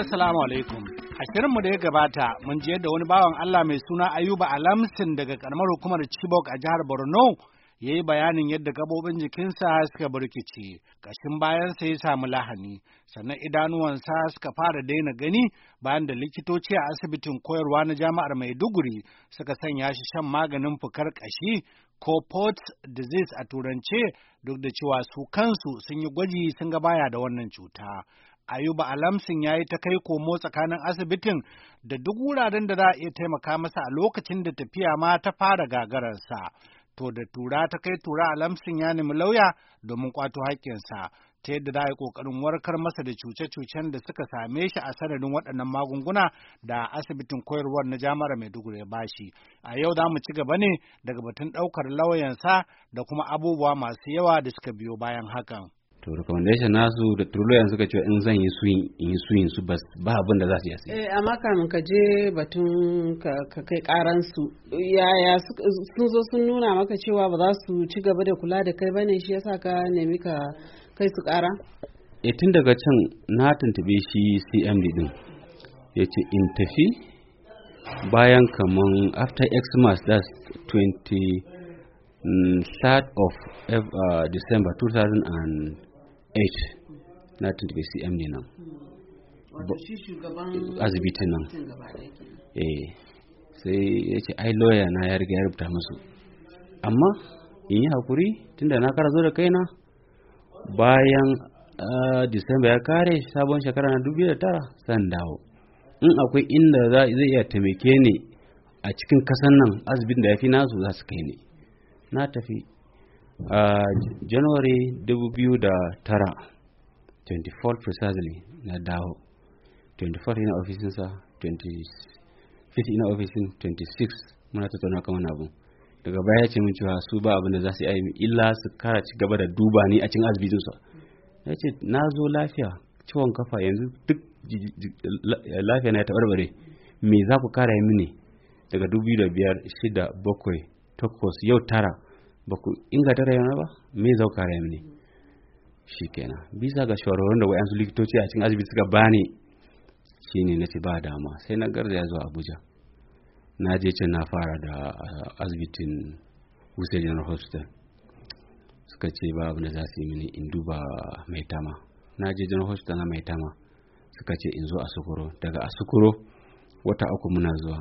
assalamu alaikum. A shirinmu da ya gabata mun je da wani bawan Allah mai suna Ayuba Alamsin daga karamar hukumar Chibok a jihar Borno ya yi bayanin yadda gabobin jikinsa suka burkice, ƙashin bayansa ya samu lahani, sannan idanuwansa suka fara daina gani bayan da likitoci a asibitin koyarwa na jami'ar Maiduguri suka sanya shi shan maganin fukar ƙashi ko Port disease a turance duk da cewa su kansu sun yi gwaji sun ga baya da wannan cuta. Ayuba Alamsin ya yi ta kai komo tsakanin asibitin da duk wuraren da za a iya taimaka masa a lokacin da tafiya ma ta fara gagararsa. To da tura ta kai tura Alamsin ya nemi lauya domin kwato haƙƙinsa. ta yadda za a yi ƙoƙarin warkar masa da cuce-cucen da suka same shi a sanadin waɗannan magunguna da asibitin koyarwar na jami'ar Maiduguri ya bashi. A yau za mu ci gaba ne daga batun ɗaukar lauyansa da kuma abubuwa masu yawa da suka biyo bayan hakan. to recommendation nasu da turloyan suka ce in zan yi suyin in yi suyin su bas ba abin da za su yi eh amma kamin ka je batun ka kai karan su yaya sun zo sun nuna maka cewa ba za su ci gaba da kula da kai bane shi yasa ka nemi ka kai su kara eh tun daga can na tuntube shi CMD din yace in tafi bayan kaman after xmas that's 20 3rd mm, of uh, December 2000 and 8 na tuntuɓe cm ne nan asibitin nan eh, sai ya ce ai lawyer na ya riga ya rubuta musu amma in yi hakuri tunda na kara zo da kaina bayan ah, disamba ya kare sabon shekara na 2009 tara san dawo in akwai inda zai iya taimake ni a cikin kasan nan asibitin da ya fi nasu za su kai ni na tafi a january 2009 24 precisely na dawo 24 ina ofisinsa 25 ina ofisin 26 muna tattauna kan wani abu daga baya ce mun cewa su ba abin da za su yi illa su kara ci gaba da duba ni a cikin asibitinsa ya ce na zo lafiya ciwon kafa yanzu duk lafiya na ya taɓarɓare me za ku kara yi mini daga 2005 6 7 8 yau tara baku ku inganta rayuwa ba me zau ka rayu ne shi kenan bisa ga da wayansu likitoci a cikin asibiti suka bani shine na ba dama sai na ya zuwa abuja na je can na fara da ah, asibitin wuse general hospital suka ce ba abu da za su yi mini in duba mai tama na je general hospital na mai tama suka ce in zo a sukuro daga a sukuro wata uku muna zuwa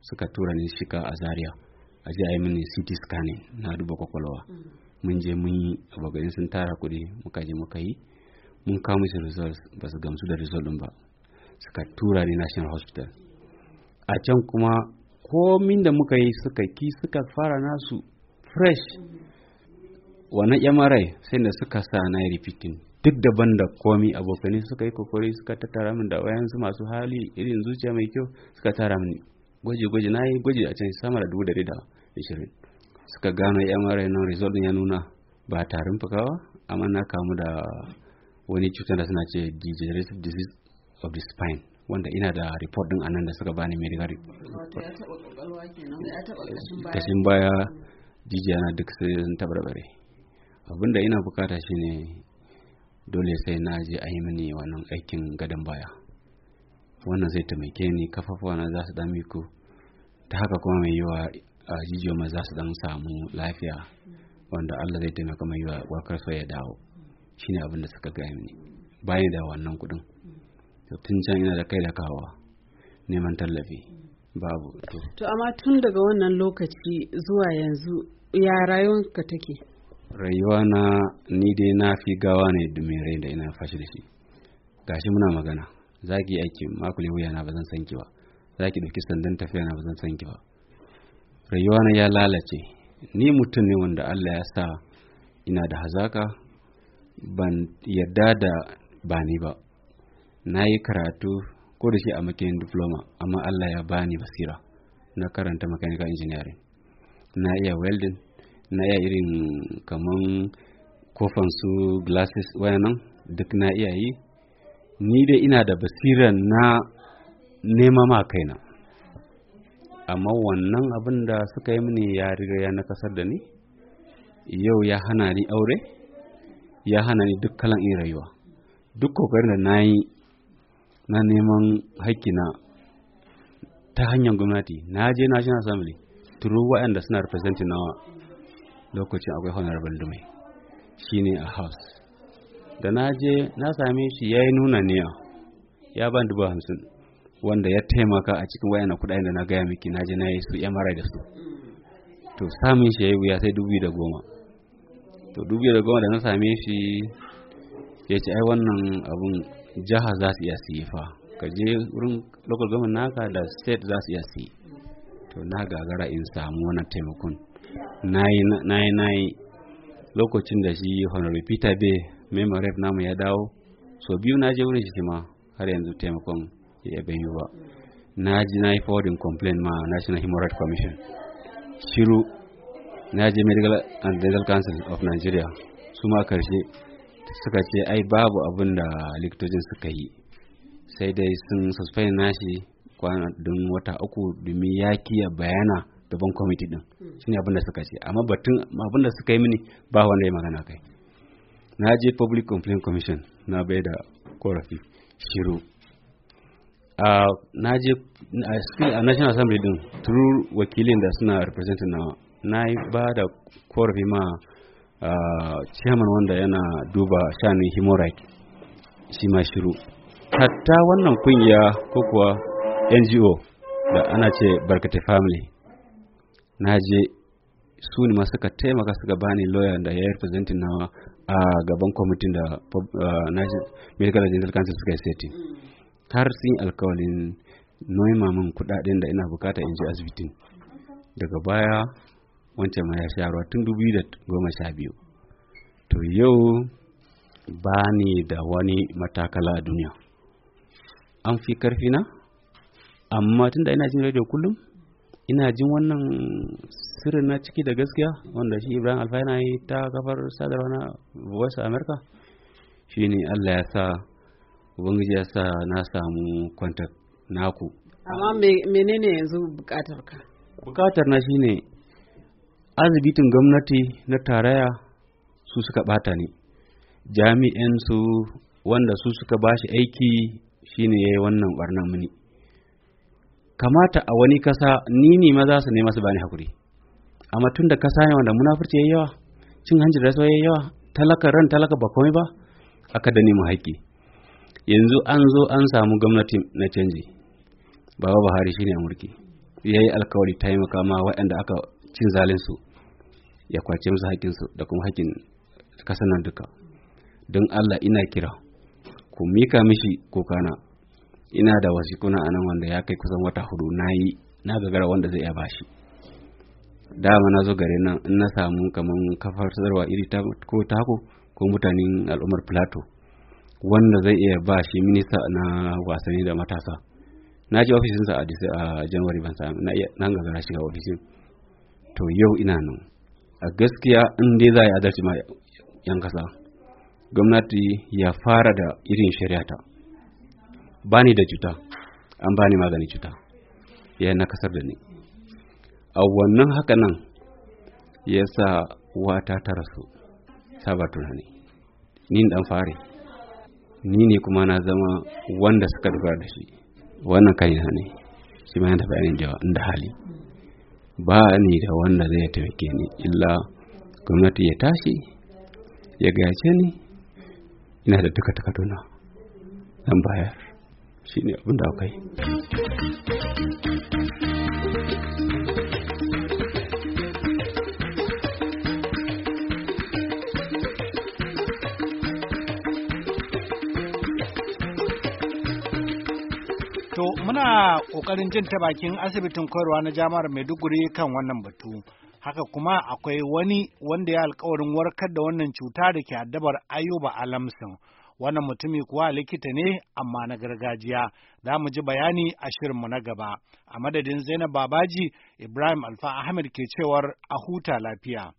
suka tura ni shika a zaria a ce a yi mini ct scanning na duba kwakwalwa mun je mun yi abokan sun tara kuɗi muka je muka yi mun kawo musu results ba su gamsu da result ba suka tura ni national hospital a can kuma komin da muka yi suka ki suka fara nasu fresh wani yamarai sai da suka sa na yi repeating duk daban da komi abokanai suka yi kokori suka tattara min da wayansu masu hali irin zuciya mai kyau suka tara min gwaje-gwaje na yi gwaje a can sama da dubu da ishirin suka gano mri nan result ya nuna ba tarin fukawa amma na kamu da wani cuta da suna ce degenerative disease of the spine wanda ina da report din anan da suka bani medical report kashin baya jijiya na duk sai sun rabare abinda ina bukata shine dole sai na je a yi mini wannan aikin gadon baya wannan zai taimake ni kafafuwa na za su dami ta haka kuma mai yiwa jijiyo mai za su dan samu lafiya wanda Allah zai taimaka mai wakar so ya dawo ne abin da suka gaya mini bayan da wannan kudin tun can ina da kai da kawo neman tallafi babu to to amma tun daga wannan lokaci zuwa yanzu ya rayuwanka take rayuwa na ni dai na fi gawa ne domin rai da ina fashi da shi gashi muna magana zaki aiki makule wuya na ba zan san ki ba zaki dauki sandan tafiya na ba zan san ki ba Rayuwa na ya lalace ni mutum ne wanda Allah ya sa ina da hazaka ban yarda da bani ba na yi karatu ko da shi a makin diploma amma Allah ya bani basira na karanta mechanical engineering na iya welding na iya irin kaman kofan su glasses wayanan duk na iya yi ni dai ina da basiran na nema ma kaina amma wannan abin da suka yi mini ya riga ya nakasar da ni yau ya hana ni aure ya hana ni duk kalan in rayuwa duk kokarin da na yi na neman haƙƙina ta hanyar gwamnati na je national assembly turu waɗanda suna representing nawa lokacin akwai honorable dume shine a house da na je na same shi ya yi nuna niya ya ban dubu hamsin wanda ya taimaka a cikin wayan kudayen da na gaya miki na je na yi su mara da su to samun shi ya yi wuya sai dubu da goma to dubu da goma da na same shi ya ce ai wannan abun jiha za su iya siye fa ka je wurin local government naka da state za su iya siye to na gagara in samu wannan taimakon na yi na yi lokacin da shi honorary Peter Bay memorab namu ya dawo so biyu na je wurin shi ma har yanzu taimakon ya bai yu ba na ji na yi forwarding complaint ma national human rights commission shiru na je medical and dental council of nigeria suma ma karshe suka ce ai babu abin da likitocin suka yi sai dai sun suspend nashi kwana don wata uku domin ya kiya bayana gaban kwamiti din shine ne da suka ce amma batun abinda suka yi mini ba wanda ya magana kai na je public complaint commission na bai da korafi shiru Ah, na je a national assembly din through wakilin da suna representing na na yi ba da korafi ma ah, chairman wanda yana duba shanin human shi ma shiru hatta wannan kungiya ko kuwa ngo da ana ce barkate family na je su ne masu suka taimaka suka bani lawyer da ya yi representing nawa a gaban kwamitin da ah, national medical agency suka yi setting har sun yi alkawalin noima min kudaden da ina bukata in je asibitin daga baya wancan ma ya sha goma tun biyu to yau ba ni da wani matakala a duniya an fi karfi na amma tun da ina jin radio kullum ina jin wannan sirrin na ciki da gaskiya wanda shi ibrahim alfa yi ta kafar sadarwa na voice america ne allah ya sa ubangiji ya sa na samu kwantar naku amma menene yanzu bukatar ka bukatar na shine azibitin gwamnati na taraya su suka bata ne jami'an wanda su suka bashi aiki shine yayi wannan barnan mini kamata a wani kasa ni ne maza su ne masu bani hakuri amma tun da kasa ne wanda munafurci yayi yawa cin hanci da yayi yawa talaka ran talaka ba komai ba aka da nemi haƙƙi yanzu an zo an samu gwamnati na canji baba buhari shine a mulki ya yi alkawari taimaka ma waɗanda aka cin zalinsu ya kwace musu haƙƙinsu da kuma haƙƙin ƙasar nan duka don allah ina kira ku mika mishi kokana ina da wasikuna a nan wanda ya kai kusan wata hudu na yi na gagara wanda zai iya bashi dama na zo gare nan in na samu kamar kafar sadarwa iri ta ko tako ko mutanen al'ummar plateau wanda zai iya ba shi minista na wasanni da matasa na je ofishinsa a january ban samu na ga gara shiga ofishin to yau ina nan a gaskiya in dai za a yi adalci ma yan kasa gwamnati ya fara da irin shari'a ta ba ni da cuta an ba ni magani cuta ya na kasar da ni a wannan haka nan ya sa wata ta rasu sabar tunani ni dan fare ni ne kuma na zama wanda suka dogara da shi wannan kai na ne shi ma yana bayanin jawa inda hali ba ni da wanda zai taimake ni illa gwamnati ya tashi ya gayace ni ina da duka takarduna zan bayar shi ne abin da To muna ƙoƙarin jin ta bakin asibitin koyarwa na jami'ar Maiduguri kan wannan batu. Haka kuma akwai wani wanda ya alkawarin warkar da wannan cuta da ke addabar Ayuba Alamsin. Wannan mutumi kuwa likita ne amma na gargajiya. Za mu ji bayani a shirin mu na gaba. A madadin Zainab Babaji, Ibrahim Alfa Ahmed ke cewar a huta lafiya.